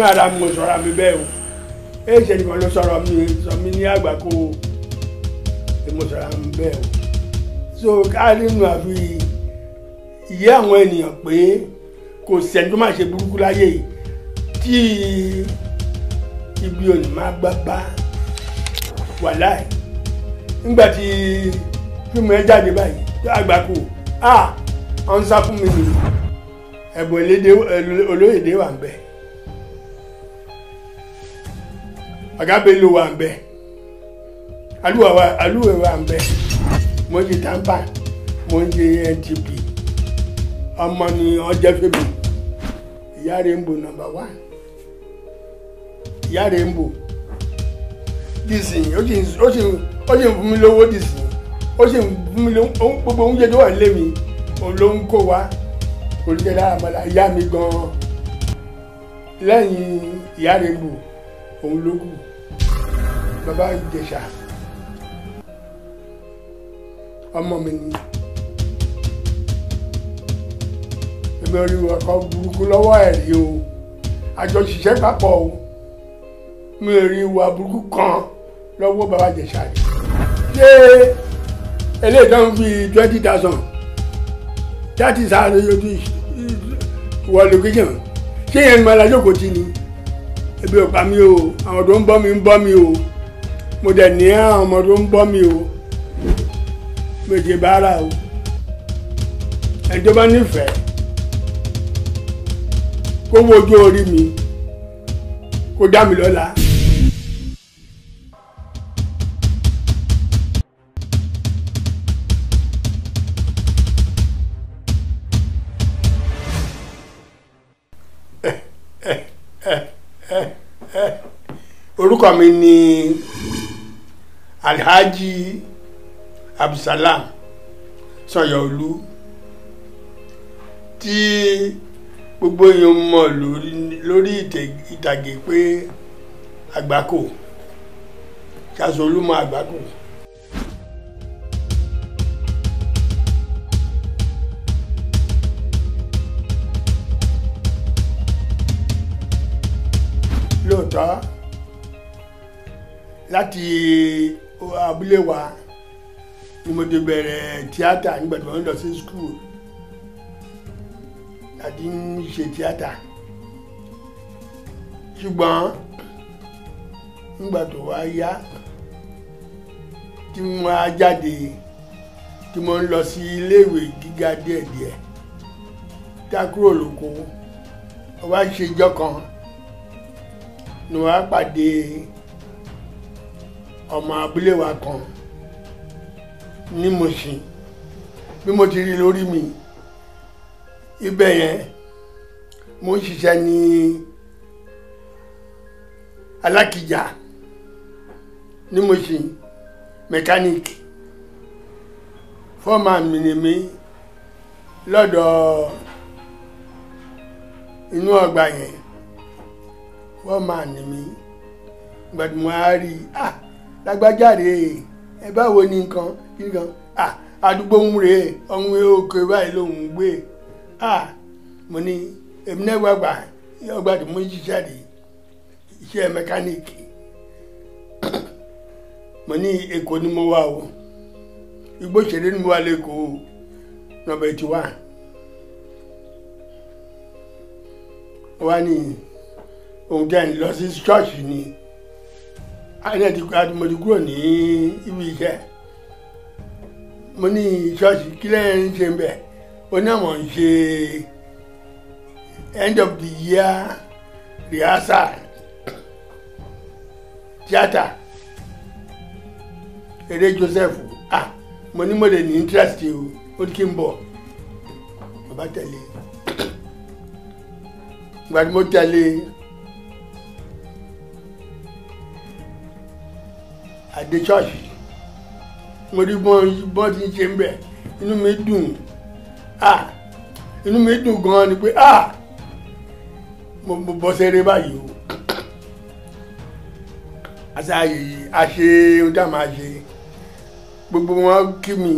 rárá mo sọ̀rọ̀ mi bẹ́ẹ̀ o èyí ṣe nìkan ló sọ̀rọ̀ mi sọ mi ní àgbà kó o mo sọ̀rọ̀ mi bẹ́ẹ̀ o so káàdì nù àfi ìyẹ́ àwọn ènìyàn pé kò sẹ́ni tó máa ṣe burúkú láyé yìí tí ibi òní máa gbá bá wà láì nígbà tí fíìmù ẹ jáde báyìí tó àgbà kó a ah, ọ̀n sá fún mi nìyí ẹ̀bùn olóyèdè wà ń bẹ́ẹ̀. Agabelo wà alu bẹ alu wà ń bẹ mo ń tampa mo ń jẹ NTP ọmọ ni ọjọ́ fèmí ìyá rẹ̀ ń bò nọ́mbà wá ìyá rẹ̀ ń bò dìsìn ó sì ń fún mi lówó dìsìn ó sì ń fún mi lówó gbogbo oúnjẹ tó wà lé mi òun ló ń kó wa kò dára àmàlà ìyá mi gan-an ìyá rẹ̀ ń bò òun ló kù bàbá Ìjẹ̀ṣà ọmọ mi ni ẹgbẹ́ orí ọkọ̀ burúkú lọ́wọ́ ẹ̀ rí o àjọṣiṣẹ́ papọ̀ o mi ò rí ìwà burúkú kan lọ́wọ́ bàbá Ìjẹ̀ṣà rí ṣé eléyìí tó ń fi twenty thousand thirty thousand yóò ti wọ location ṣé yẹn ń mọ alájókòó ti ni ebi ò pa mí o àwọn tó ń bọ́ mi ń bọ́ mi o mo dẹ̀ ní àwọn ọmọ tó ń bọ́ mi o méje bára o ẹjọ́ bá nífẹ̀ẹ́ kó wojú orí mi kó dá mi lọ́lá. orúkọ mi ni alhaji abdulsalam sanyọlu tí gbogbo èèyàn mọ̀ lórí ìtàgé pé àgbákò ṣàṣọ olúmọ àgbákò. lóòótọ́ láti abúlé wa ni mo ti bẹ̀rẹ̀ tíátà nígbà tí wọ́n lọ sí skul láti ń ṣe tíátà ṣùgbọ́n nígbà tó wá yá tí mo á jáde tí mo ń lọ sí iléèwé gíga díẹ̀díẹ̀ tá kúrò lóko wá ṣe ijọ́ kan ni wàá pàdé ọmọ abúlé wa kan ní Mùṣín bí mo ti rí lórí mi ibẹ̀ yẹn mo ṣiṣẹ́ ní alákìjà ní Mùṣín mẹkáníìkì fọ́ọ̀mà mi ni mí lọ́dọ̀ inú ọgbà yẹn fọ́ọ̀mà ni mí gbàdúmọ́ á rí ah lágbájáde ẹ báwo ni nǹkan nǹkan àdúgbò ń rèé ọ̀hún òkè báyìí lòún gbé mo ní èmi náà gbàgbà ọgbà tó mú ṣiṣẹ́ rè iṣẹ́ mẹkáníìkì mo ní èkó ni mo wà o igbó ṣeré ni mo wà lẹ́kọ̀ọ́ nọ́mbà eighty one wá ní òun jẹ́ ń lọ sí ṣọ́ọ̀ṣì ni. Ah, àìlẹ́ ti kúrò àti mo ti kúrò ní ibi iṣẹ́ mo ní ṣọ́ọ̀ṣì kílẹ̀ ń ṣe ń bẹ̀ ó ní àwọn ń ṣe end of the year rehearsal tíátà eré Joseph ah mo ní mo lè ní interest o ó ní kí n bọ̀ bàbá tẹ̀lé gbàdúgbò tẹ̀lé. àdé ṣọ́ọ̀ṣì mo rí bọ́n bọ́n ti ń ṣe ń bẹ̀ inú mi dùn ah inú mi dùn gan-an ni pé ah mo mo bọ́ sẹ́rẹ́ báyìí o àti àyè àṣe ohun tá a máa ṣe gbogbo wọn kí mi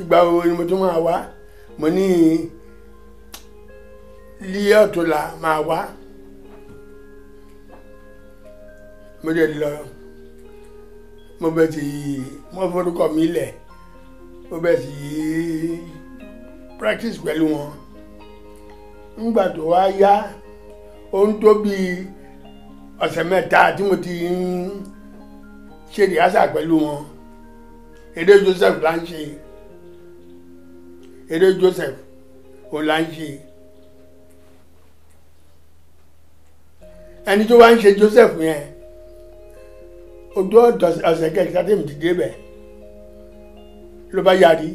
ìgbà wo ni mo tún máa wá mo ní líyà ọ̀tún là máa wá mo dẹ̀ lọ mo bẹ̀ sí wọ́n forúkọ mi lẹ̀ mo bẹ̀ sí practice pẹ̀lú wọn nígbà tó wá yá ó ń tó bí ọ̀sẹ̀ mẹ́ta tí mo ti ń ṣe rìhásà pẹ̀lú wọn èdè Joseph là ń ṣe èdè Joseph ò là ń ṣe. ẹni tó wá ń ṣe Joseph yẹn ojú ọ̀sẹ̀ kẹta tèmi ti débẹ̀ ló bá yarí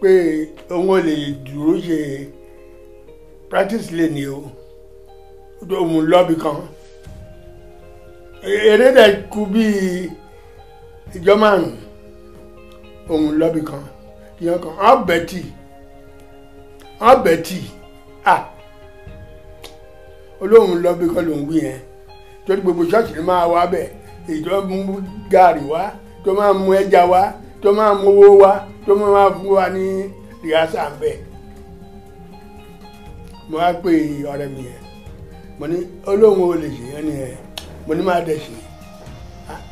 pé òun ò lè dúró ṣe practice lè ní o òun lọ́bì kan eré dẹ̀ kú bíi ìjọ márùn òun lọ́bì kan ìyẹn kan ọ̀ bẹ́tì ọ̀ bẹ́tì ah olóhùn lọ́bì kan lòún wí yẹn torí gbogbo ṣọ́ọ̀ṣì ni máa wá bẹ́ẹ̀ ìjọ mú gàrí wá tó máa mú ẹja wá tó máa mú owó wá tó máa fún wa ní rìhásà ń bẹ mo wá pé ọ̀rẹ́ mi yẹn mo ní olóhùn olè ṣe yẹn ni ẹ mo ní máa dẹ̀ ṣe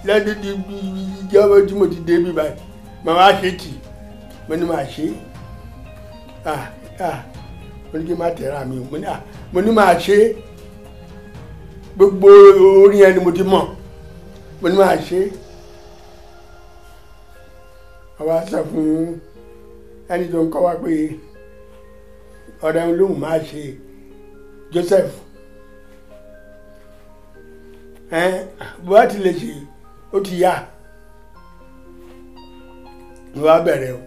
lẹ́yìn tí ìjọba tí mo ti dé bí báyìí màá wá ṣe tì mo ní máa ṣe mo ní kí n má tẹ̀ra mi mo ní máa ṣe gbogbo orí yẹn ni mo ti mọ̀ mo ní máa ṣe àwa sọ fún ẹni tó ń kọ́ wa pé ọ̀rẹ́ olóhùn máa ṣe Joseph ẹ bó ti lè ṣe ó ti yá mo wá bẹ̀rẹ̀ o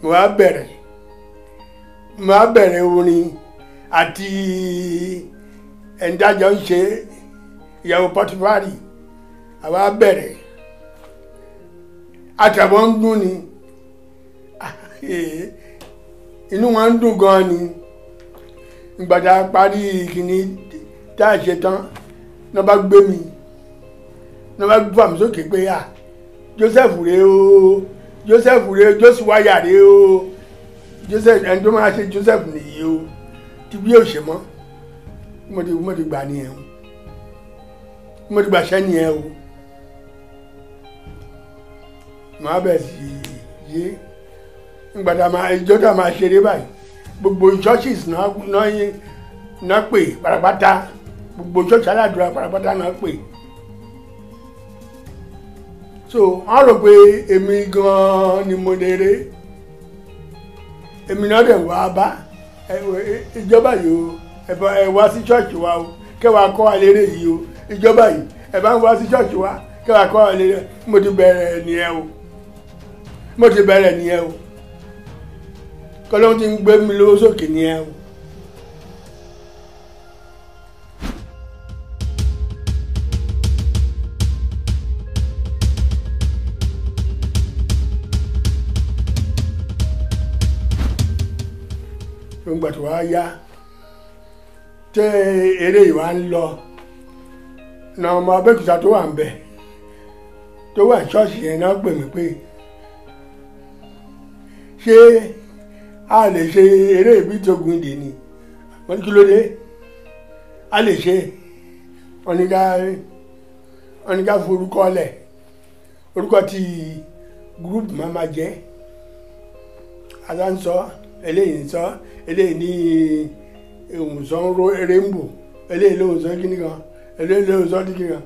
mo wá bẹ̀rẹ̀ mo wá bẹ̀rẹ̀ orin àti ẹ̀ńdájọ́ ń ṣe é ìyàwó pọtifari àwa bẹ̀rẹ̀ àtàwọn ń dún ni inú wọn ń dùn gan ni ìgbàdá parí kìíní tá a ṣe tán náà bá gbé mi náà bá gbé àmì sókè pé à Joseph rèé o Joseph rèé Joseph wáyà rèé o Joseph ẹni tó máa ṣe Joseph nìyí o ti bí òṣèmọ́ mo ti gbà nìyẹn o. mgbe gbasị anya ewu maabesi gie ndọtọ ama seere bayi gbo gbo chọọchị na kpe gbaragbata gbo gbo chọọchị ala dura gbaragbata na kpe so ọlụkwụ emi gụọ n'imodere emi n'ọdụ ewu aba ee ije bayi oo ewu asi wa ọ ka ewa elere yi ìjọba yìí ẹ bá ń wá sí ṣọ́ọ̀ṣì wa kí wàá kọ́ ọ̀lẹ́ rẹ mo ti bẹ̀rẹ̀ nìyẹn o mo ti bẹ̀rẹ̀ nìyẹn o kọ́lọ́hún ti ń gbé mi lówó sókè nìyẹn o. gbogbo àti wàá yá tẹ eré ìwà ń lọ na ọmọ abẹ́kúta tó wà ń bẹ̀ tó wà ṣọ́ọ̀ṣì yẹn náà pè mí pé ṣé a lè ṣe eré ìbítogun ìdè ni wọ́n ní kí ló dé a lè ṣe wọ́n ní ká wọ́n ní ká forúkọ lẹ̀ orúkọ ti gúrúùpù máa ma jẹ́ aláǹsọ eléyìí sọ eléyìí ní ìwòsàn rémbò eléyìí lóòsàn kíní eléyìí ló sọ dígí kan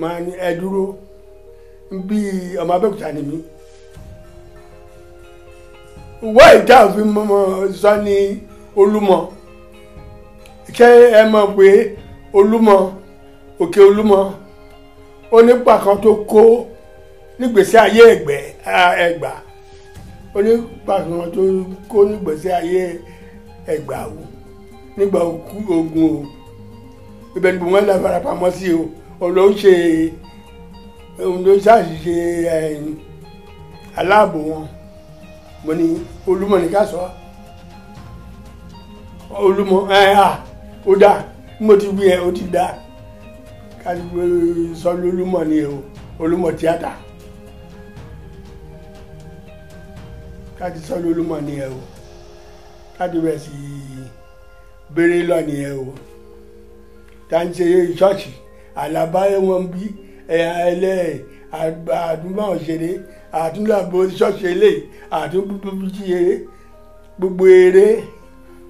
máa ní ẹ bí ọmọ abẹ́òkúta ni mí. wọ́n ìta òfin mọ́mọ́ sọ ní olúmọ kẹ́ ẹ mọ̀ pé olúmọ òkè olúmọ ó nípa kan tó kó nígbèsè ayé ẹgbẹ́ ẹgbà ó nípa kan tó kó nígbèsè ayé ẹgbà wò nígbà ogun o ibẹ̀ ni gbogbo wọn là fara pamọ́ sí o òun ló ń ṣe òun ló ń ṣàṣìṣe aláàbò wọn mo ní olúmọ ní ká sọ olúmọ ẹ à ó dà mo ti wí ẹ ó ti dà ká sọ lólúmọ ni o olúmọ tíátà. káti sọ lólúmọ ni ẹ o káti bẹ sí béèrè lọ ni o tá ń ṣe ṣọ́ọ̀ṣì àlàbáyé wọn bí ẹlẹ́ àdúgbòhàn ṣeré àtúndàbò ṣọ́ọ̀ṣì eléyìí àtúndàbòjì eré gbogbo eré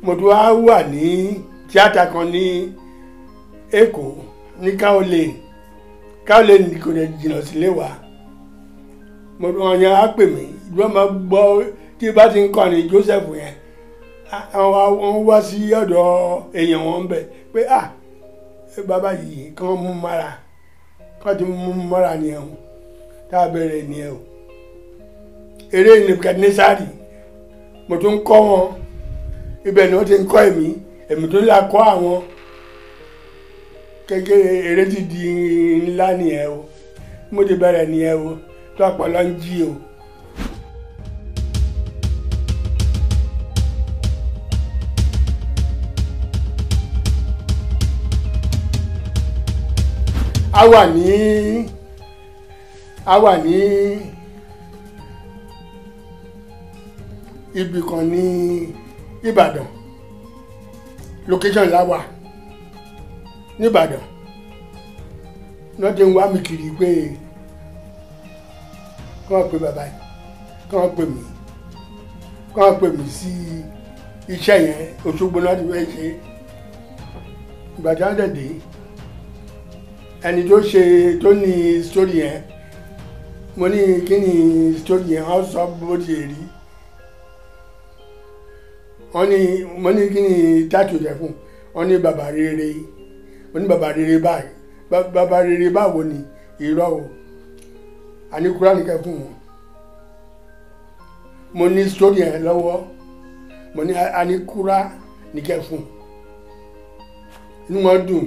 mo tún wá wà ní tíátà kan ní Èkó ní káwọlé káwọlé ní kò jìnnà sílé wa mo tún wọn yẹn á pè mí ìgbọ́n máa gbọ́ tí bá ti ń kọrin Joseph yẹn àwọn wá sí ọ̀dọ̀ èèyàn wọn bẹ̀ pé ah bàbá yìí kàn mú mọ́ra kàn ti mú mọ́ra nìyẹn o tá a bẹ̀rẹ̀ nìyẹn o eré nebukadnesari mo tún kọ́ wọn ibẹ̀ ni wọ́n ti ń kọ́ èmi èmi tó là kọ́ àwọn kékeré eré ti di ńlá nìyẹn o mo ti bẹ̀rẹ̀ nìyẹn o tó àpọ̀lọ́ ń jí o. a wà ní a wà ní ibì kan ní Ìbàdàn location la wà nìbàdàn náà ti ń wá mi kiri pé kàn pé bàbá yìí kàn pè mí kàn pè mí sí iṣẹ́ yẹn Òṣogbo náà ti fẹ́ ṣe ìgbà tí wọ́n dẹ̀ dé ẹni tó ṣe tó ní sítórì yẹn mo ní kí ni sítórì yẹn wọ́n sọ bó ṣe rí wọ́n ní mo ní kí ni táàtù rẹ̀ fún wọ́n ní bàbá rere wọ́n ní bàbá rere báyìí bàbá rere báwo ni irọ́ o àní kúránì kẹfún wọn mo ní sítórì yẹn lọ́wọ́ mo ní àní kúrá nìkẹfún inú wọn dùn.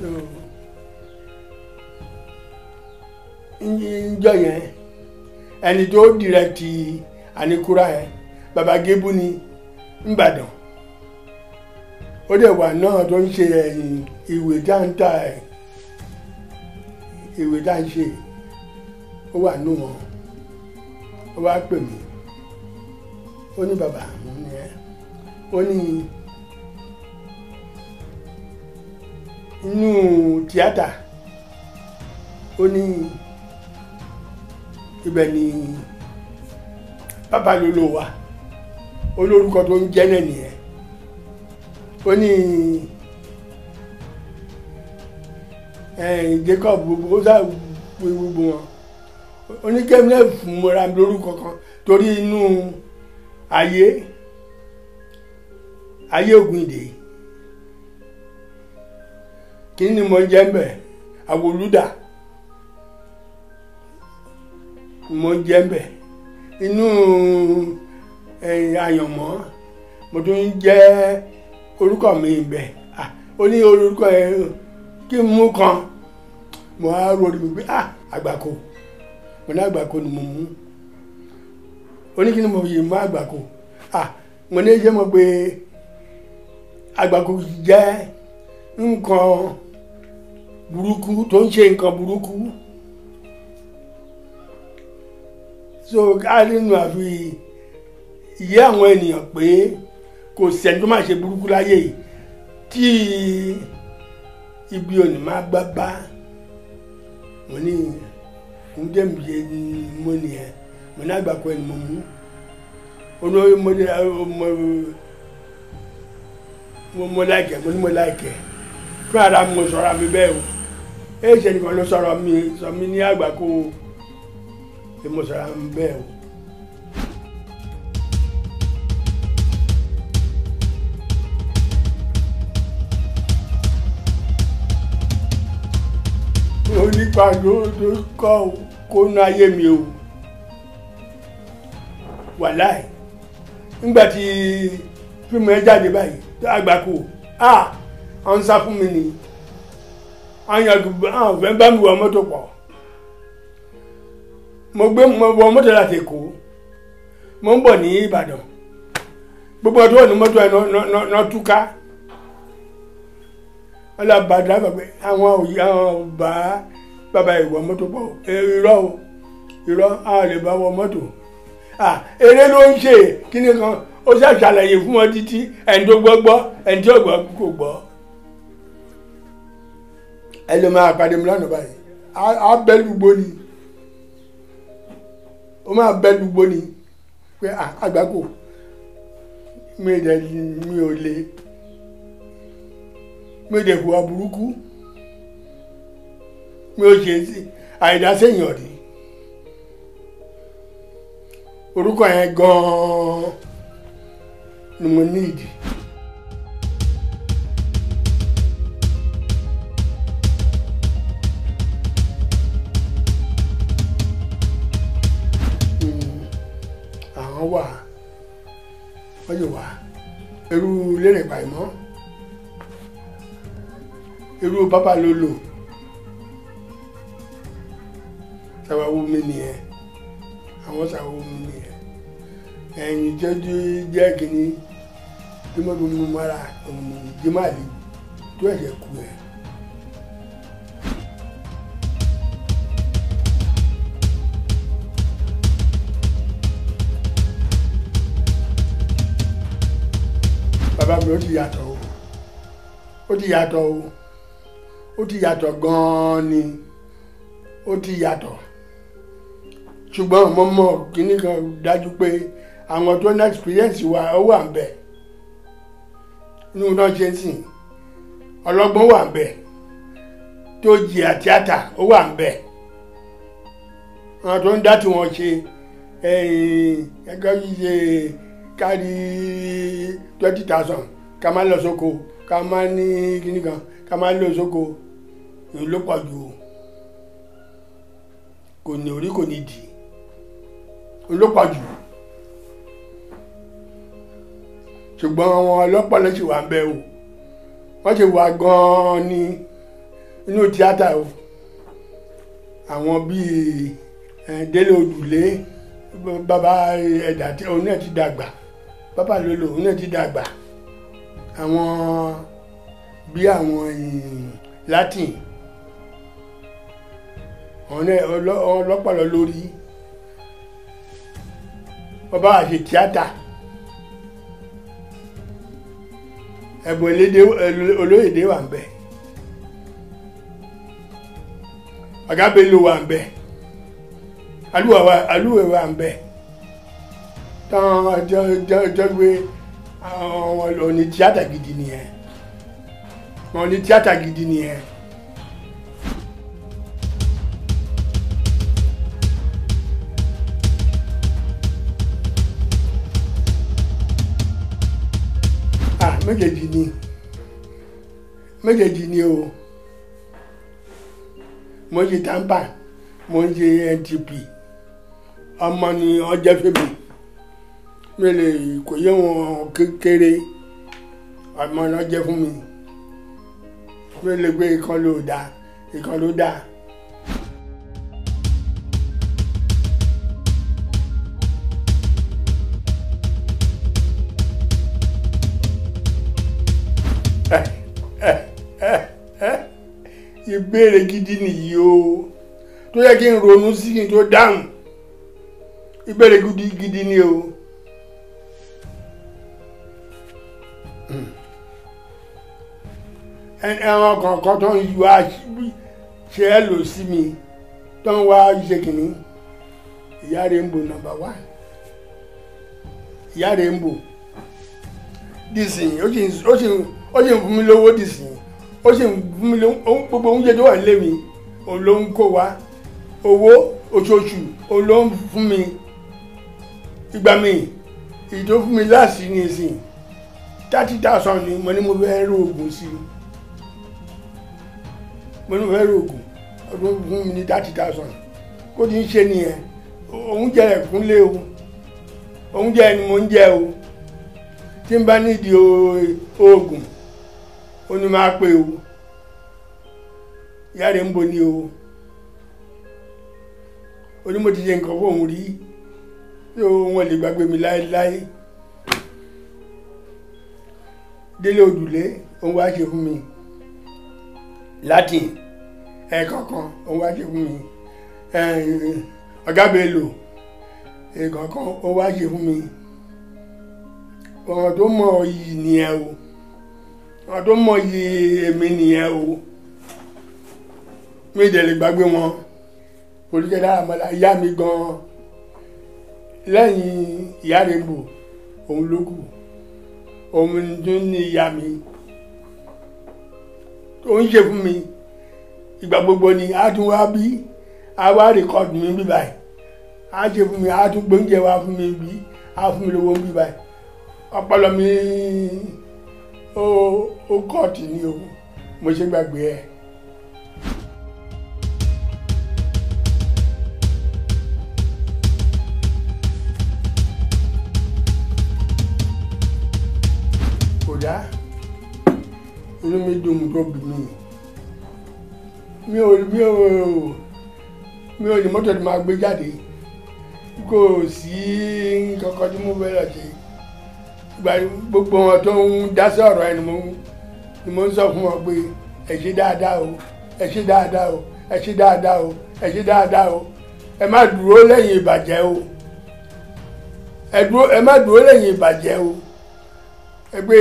so njọ yẹn ẹni tó dìrẹ́tì àníkúrà yẹn baba gébú ni nìbàdàn ó dẹ̀ wà náà tó ń ṣe ẹ̀yìn ìwé dáńtà ẹ̀ ìwé dáńṣe ó wà nù wọn ó wá pè mí ó ní bàbá mo ní ẹ ní. inú tíátà ó ní ibẹ̀ ni bàbá lolo wa olórúkọ tó ń jẹ́ náà nìyẹn ó ní Jacob gbogbo ó sáà gbogbo wọn ó ní kẹ́mi náà lórúkọ kan torí inú ayé ayé Ògúndé yìí. kí ni mo jẹ́ mbẹ awoluda mo jẹ́ mbẹ inú àyànmọ́ mo tún jẹ́ orúkọ mi bẹ̀ ó ní orúkọ ẹ kí n mú kan mo á rori mi àgbàkò mo ní àgbàkò ni mo mú ó ní kí ni mo yìí mú mo ní burúkú tó ń ṣe nǹkan burúkú so kárínù àfi yé àwọn ènìyàn pé kò sẹ́ni tó máa ṣe burúkú láyé yìí tí ibi òní máa gbá bá mo ní ǹjẹ́ mi ṣe ni mo nìyẹn mo ní àgbàkọ ẹni mo mú olórí mo ní mo mo mo láìkẹ́ mo ní mo láìkẹ́ fún ara mo sọ̀rọ̀ mi bẹ́ẹ̀ o èyíṣẹ́ nìkan ló sọ̀rọ̀ mi sọ mi ní àgbà kó o mo sọ̀rọ̀ mi bẹ́ẹ̀ o. onípàdé tó kọ́ kóná ayé mi o wàláì nígbà tí fíìmù ẹ jáde báyìí àgbà kó a ọ̀n sá fún mi nìyí àyàgbọ́n àwọn ah, fẹ́ bá mi wọ mọ́tò pọ̀ mo gbé mo wọ mọ́tò láti Èkó mo ń bọ̀ ní Ìbàdàn gbogbo ọdún ọ̀nà mọ́tò ẹ̀ nà túká ọlọ́bàdà gbàgbé àwọn òyìn àwọn bá bàbá ìwọ mọ́tò pọ̀ irọ́ o irọ́ àwọn lè bá wọ ah eré ló ń ṣe kíní kan ó ṣàṣàlàyé fún wọn títí ẹni tó gbọ́ gbọ́ ẹni tí ò gbọ́ kò gbọ́ ẹ lè máa pàdé mi lọ́nà báyìí á bẹ́ lùgbó ni ó máa bẹ́ lùgbó ni pé àgbákò mi ò dẹ̀ mi ò lè mi ò dẹ̀ hùwà burúkú mi ò ṣe àìdásẹ́yìn ọ̀dí orúkọ yẹn gan-an ni mo ní ìdí. Yorùbá irú lérìn pàìmọ́ irú bàbá ló lò ṣàwáwó mi nìyẹn àwọn ṣàwáwó mi nìyẹn ẹ̀yìn jẹ́jú jẹ́ kínní bí mo bí mo mara òun jẹ́ máa lè tó ẹ̀jẹ̀ kú ẹ̀. mi ó ti yàtọ̀ o ó ti yàtọ̀ o ó ti yàtọ̀ gan-an ni ó ti yàtọ̀ ṣùgbọ́n mo mọ̀ kíní kan dájú pé àwọn tó ní experience wa ó wà ń bẹ̀ inú náà ṣe ń sìn ọlọ́gbọ́n wà ń bẹ̀ tó jìyà tíátà ó wà ń bẹ̀ àwọn tó ń dá tiwọn ṣe ẹ̀ẹ́n yìí ṣe kárí twenty thousand ká má lọ sóko ká má ní kíní kan ká má lọ sóko èyí ló pọ̀ jù o kò ní orí kò ní dì í ló pọ̀ jù ṣùgbọ́n àwọn ọlọ́pàá ló sì wà ń o wọ́n ti wà gan-an ní inú tíátà o àwọn bíi délé òdùlé bàbá ẹ̀dà tí òun náà ti dàgbà bàbá lolo òun náà ti dàgbà àwọn bí àwọn latin ọlọ́pàá lórí bàbá àṣẹ tíátà ẹ̀bùn olóyèdè wà ń bẹ àgábélò wà ń bẹ alúwẹ̀ wà ń bẹ tán ọjọ́ ìgbé àwọn ọ̀nì tíátà gidi nìyẹn ọ̀nì tíátà gidi nìyẹn. méjèèjì ni méjèèjì ni o mo ń ṣe tampa mo ń ṣe ntp ọmọ ni ọjẹ́ fèmí mele kò yé wọn kékeré àmọ́ náà jẹ́ fún mi mele gbé ìkan ló dá ìkan ló dá. ìbéèrè gidi nìyí o tó yẹ kí n ronú sí kí n tó dáhùn ìbéèrè gidi ni o. ẹran kọ̀ọ̀kan tó ń yọ ṣe é lò sí mi tó ń wá ṣe kìnní ìyá rẹ̀ ń bò nọ́mbà wá ìyá rẹ̀ ń bò dìsìn ó sì ń fún mi lówó dìsìn ó sì ń fún mi lówó gbogbo oúnjẹ tó wà nílé mi òun ló ń kó wa owó oṣooṣù òun ló ń fún mi ìgbà mi ìdó fún mi láàsì ní ìsìn thirty thousand ni mo ní mo fẹ́ rú oògùn sí i mo ní fẹ́ rògùn ọdún fún mi ní thirty thousand kó ti ń ṣe nìyẹn oúnjẹ ẹ̀kúnlé o oúnjẹ ni mo ń jẹ o tí n bá nídìí oògùn ó ní máa pè o ìyá rẹ̀ ń bo ni o onímọ̀ ti ṣe nǹkan fóun rí yóò wọn lè gbàgbé mi láéláé délé òdùlé òun wá ṣe fún mi latin ẹ̀ẹ̀kọ̀kan òun wá ṣe fún mi ọ̀gá Bello ẹ̀ẹ̀kọ̀kan òun wá ṣe fún mi ọ̀rọ̀ tó mọ̀ yìí nìyẹn o ọ̀rọ̀ tó mọ̀ yìí èmi nìyẹn o mi dẹ̀ lè gbàgbé wọn olùkẹ́dá àmàlà ìyá mi gan-an lẹ́yìn ìyá rẹ̀ bò òun ló kù òun tó ní ìyá mi tó ń ṣe fún mi ìgbà gbogbo ni a tún wá bí a wá rìkọ́dù mi bí báyìí a ṣe fún mi a tún gbóúnjẹ wá fún mi bí a fún mi lówó bí báyìí ọpọlọ mi ó kọ́ọ̀tì ni o mo ṣe gbàgbé ẹ̀. inú mi dùn tó bì mí mi ò mi ò mi ò ní mọ́tò tí máa gbé jáde kò sí kankan tí mo fẹ́ lọ ṣe gbogbo wọn tó ń dá sí ọ̀rọ̀ ẹni ni mo ń sọ fún wọn pé ẹ ṣe dáadáa o ẹ ṣe dáadáa o ẹ ṣe dáadáa o ẹ ṣe dáadáa o ẹ má dúró lẹ́yìn ìbàjẹ́ o ẹ má dúró lẹ́yìn ìbàjẹ́ o ẹ pé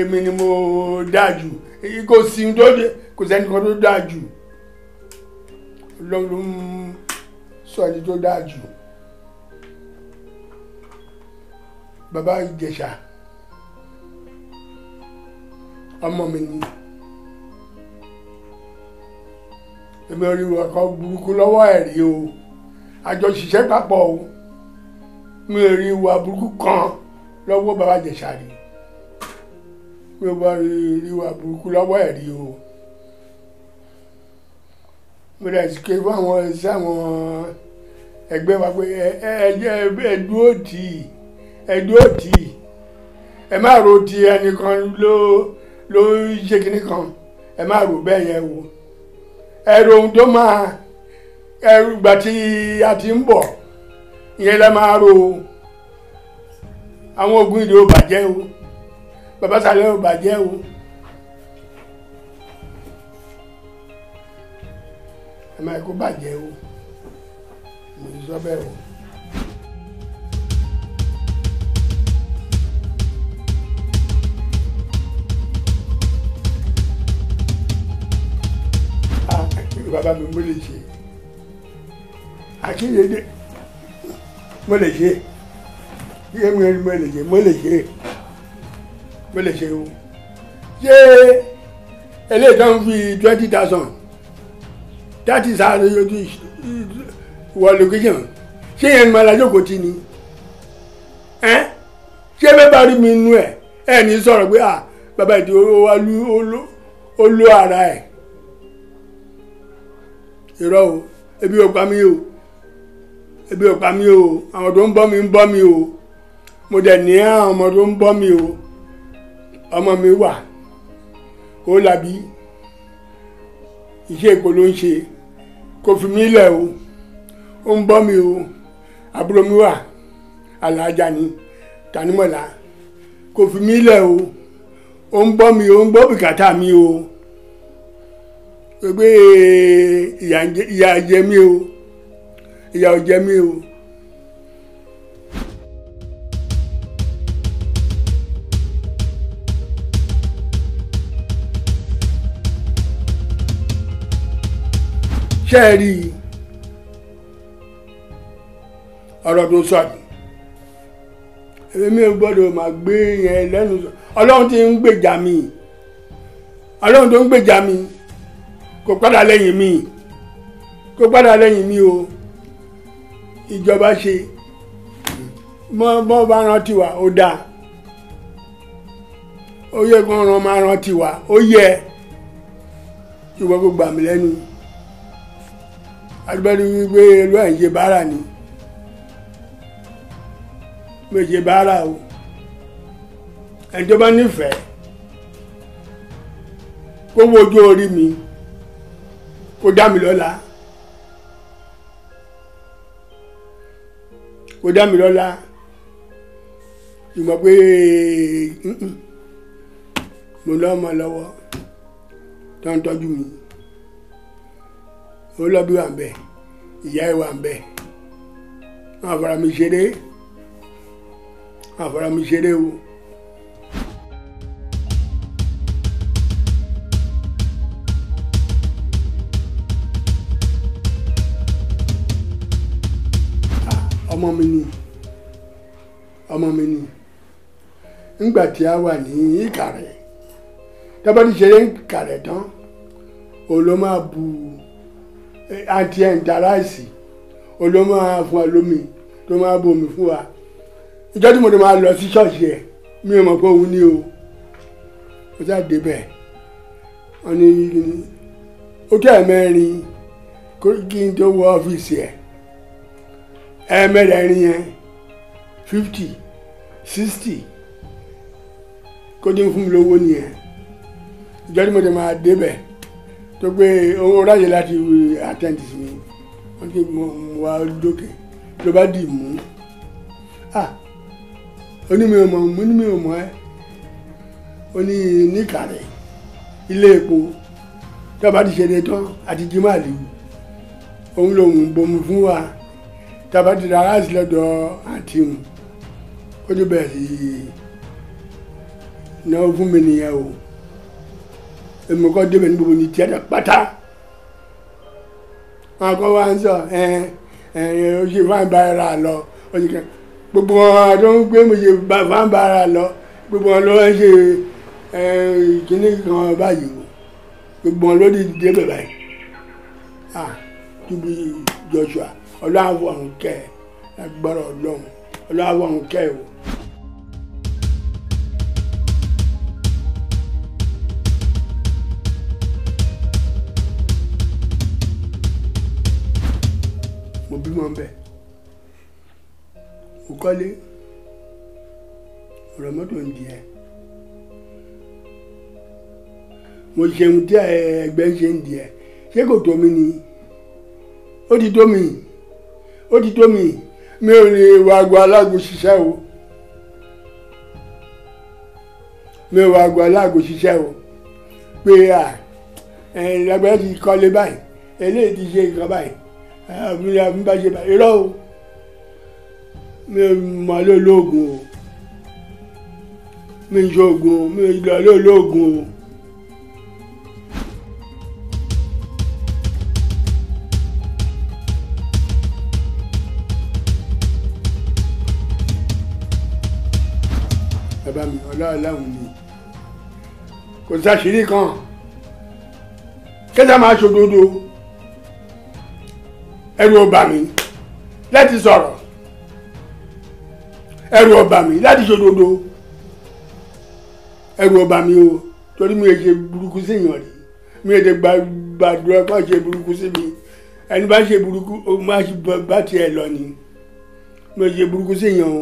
èmi ni mo dáa jù kò sí tó dé kò sẹ́ni kan tó dáa jù lọ́run sọ ẹni tó dáa jù bàbá Ìjẹ̀ṣà ọmọ mi ni èmi ò rí ọkọ burúkú lọ́wọ́ ẹ̀ rí o àjọ ṣiṣẹ́ papọ̀ o mi ò rí ìwà burúkú kan lọ́wọ́ bàbá Ìjẹ̀ṣà rí bí ó bá rí rí wa burúkú lọ́wọ́ ẹ̀ rí o mo dẹ̀ ti ké fáwọn sáwọn ẹgbẹ́ wa pé ẹ ẹ ẹ dúró tì í ẹ dúró tì í ẹ má ro ti ẹnìkan ló ló ṣe kinní kan ẹ má ro bẹ́ẹ̀ yẹn o ẹ ro ohun tó máa ẹ gbà tí a ti ń bọ̀ ìyẹn lẹ́ máa ro àwọn ogun ìdí ó bàjẹ́ o bàbá sàlẹ̀ ò bàjẹ́ o ẹ máa kó bàjẹ́ o mo ti sọ bẹ́ẹ̀ o. Ah, bàbá mi mo lè ṣe àkíyèdè mo lè ṣe kí ẹ mo lè ṣe mo lè ṣe mo lè ṣe o ṣé eléyìí tó ń fi twenty thousand that is how you wọ location ṣé yẹn ni mo la jókòó ti ni ẹ ṣé bẹ́ẹ̀ bá rí mi inú ẹ ẹ ní sọ̀rọ̀ pé ah bàbá ìdí ó lú ara ẹ̀ irọ́ o ebi ò pa mí o ebi ò pa mí o àwọn tó ń bọ́ mi ń bọ́ mi o mo dẹ̀ ní àwọn ọmọ tó ń bọ́ mi o ọmọ mi wà ó labi iṣẹ́ èkó ló ń ṣe kò fi mí lẹ̀ o ó ń bọ́ mi o àbúrò mi wà alájà ni tanimọ̀lá kò fi mí lẹ̀ o ó ń bọ́ mi o ó ń gbọ́ bùkátà mi o pé ìyà jẹ mí o ìyà ò jẹ mí o. ṣé ẹ rí i ọ̀rọ̀ tó sọ ni èmi ò gbọ́dọ̀ máa gbé yẹn lẹ́nu ọlọ́run tí ń gbèjà mi ọlọ́run tó ń gbèjà mi kò padà lẹ́yìn mi kò padà lẹ́yìn mi o ìjọba ṣe mọ́ bá rántí wa ó dáa ó yẹ kó ràn máa rántí wa ó yẹ ìwọ kò gbà lẹ́nu agbẹ́ni wípé ìlú ẹ̀ ń ṣe báárà ni mo ṣe báárà o ẹni tó bá nífẹ̀ẹ́ kó wo orí mi kó dá mi lọ́lá kó dá mi lọ́lá ìmọ̀ pé mo lọ́mọ lọ́wọ́ tó ń tọ́jú mi olóbi wà nbẹ ìyá ẹ wà nbẹ wọn àfara mi ṣeré wọn àfara mi ṣeré o. Ah, ọmọ mi ni ọmọ mi ni ńgbà tí a wà ní Ìkàrẹ́ tábàdí ṣeré Ìkàrẹ́ tán òun bu àti ẹ̀ǹtàráìsì olóò máa fún wa lómi tó máa bomi fún wa ìjọ tí mo ti máa lọ sí ṣọ́ọ̀ṣì ẹ̀ mi ò mọ̀ pé òun ní o mo sá débẹ̀ wọ́n ní kíni ó jẹ́ ẹ̀mẹ́rin kí n tó wọ ọ́fíìsì ẹ̀ ẹ̀mẹ́rẹ̀ẹ́rin yẹn fifty sixty kó dín fún mi lówó nìyẹn ìjọ tí mo ti máa débẹ̀ tó gbé owó ráyè láti àtẹ̀ǹtì sí mi wọ́n ti mọ wá lókè ló bá dì mú ah onímọ̀ ọmọ onímọ̀ ọmọ ẹ oní níkàrẹ̀ ilé epo tó bá ti ṣẹlẹ̀ tán àti jimáàlì òun lòun bomi fún wa tá a bá ti ra ráàsì lọ́dọ̀ àǹtí òun ó ti bẹ̀rẹ̀ sí náà fún mi nìyẹn o èmi kọ́ débẹ̀ ní gbogbo ní tíátà pátá wọn kọ́ wá ń sọ ẹ ẹ o ṣe fáńbára lọ o ṣe kẹ gbogbo wọn tó ń gbé mo ṣe fáńbára lọ gbogbo wọn ló ń ṣe ẹ kíní kan báyìí gbogbo wọn ló di débẹ̀ báyìí ah tóbi Joshua ọlọ́wọ́ àwọn kẹ́ ẹ gbọ́dọ̀ ọlọ́run ọlọ́wọ́ àwọn kẹ́ ẹ o. kọ́lé ọ̀rọ̀ mọ́tò ń di ẹ̀ mo ṣeun tí ẹgbẹ́ ṣe ń di ẹ̀ ṣé kò tó mi ni ó ti tó mi ó ti tó mi mi ò lè wá aago aláàgò ṣiṣẹ́ o mi ò wá aago aláàgò ṣiṣẹ́ o pé à ẹ̀ lágbára ti kọ́lé báyìí eléyìí ti ṣe nǹkan báyìí àbúrò àbúrò bá ṣe báyìí irọ́ o mi mà lé olóògùn o mi jọ oògùn o mi lọ lé olóògùn o. bàbá mi ọlọ́ọ̀láhùn ni kò sáṣìírí kan kẹta máa ṣòdodo ẹrù ọba mi láti sọ̀rọ̀ ẹrù ọba mi láti ṣòdodo ẹrù ọba mi o torí mi ò ṣe burúkú sí èèyàn rí mi ò ṣe gbàdúrà kó ṣe burúkú sí mi ẹni bá ṣe burúkú ó máa ṣe bá tiẹ̀ lọ ni mi ò ṣe burúkú sí èèyàn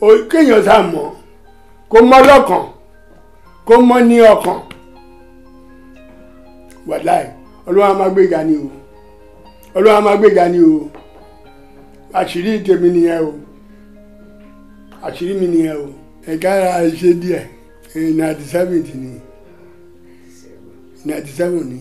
o kéèyàn sá mọ̀ kó mọ́ lọ́kàn kó mọ́ ní ọkàn wàláì ọlọ́wọ́n a máa gbéga ni o ọlọ́wọ́n a máa gbéga ni o àṣírí tèmi nìyẹn o. àṣírí mi nìyẹn o ẹ̀ka ṣe eh, ninety seven ni ninety seven ni.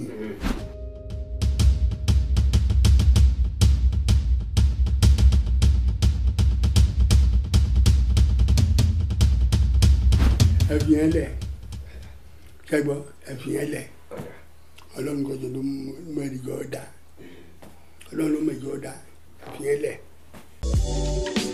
ẹ̀fìn yẹn lẹ̀ ṣẹ́gbọ́ ẹ̀fìn yẹn lẹ̀ ọlọ́run kọjọ ló jọ da ló jọ da yẹn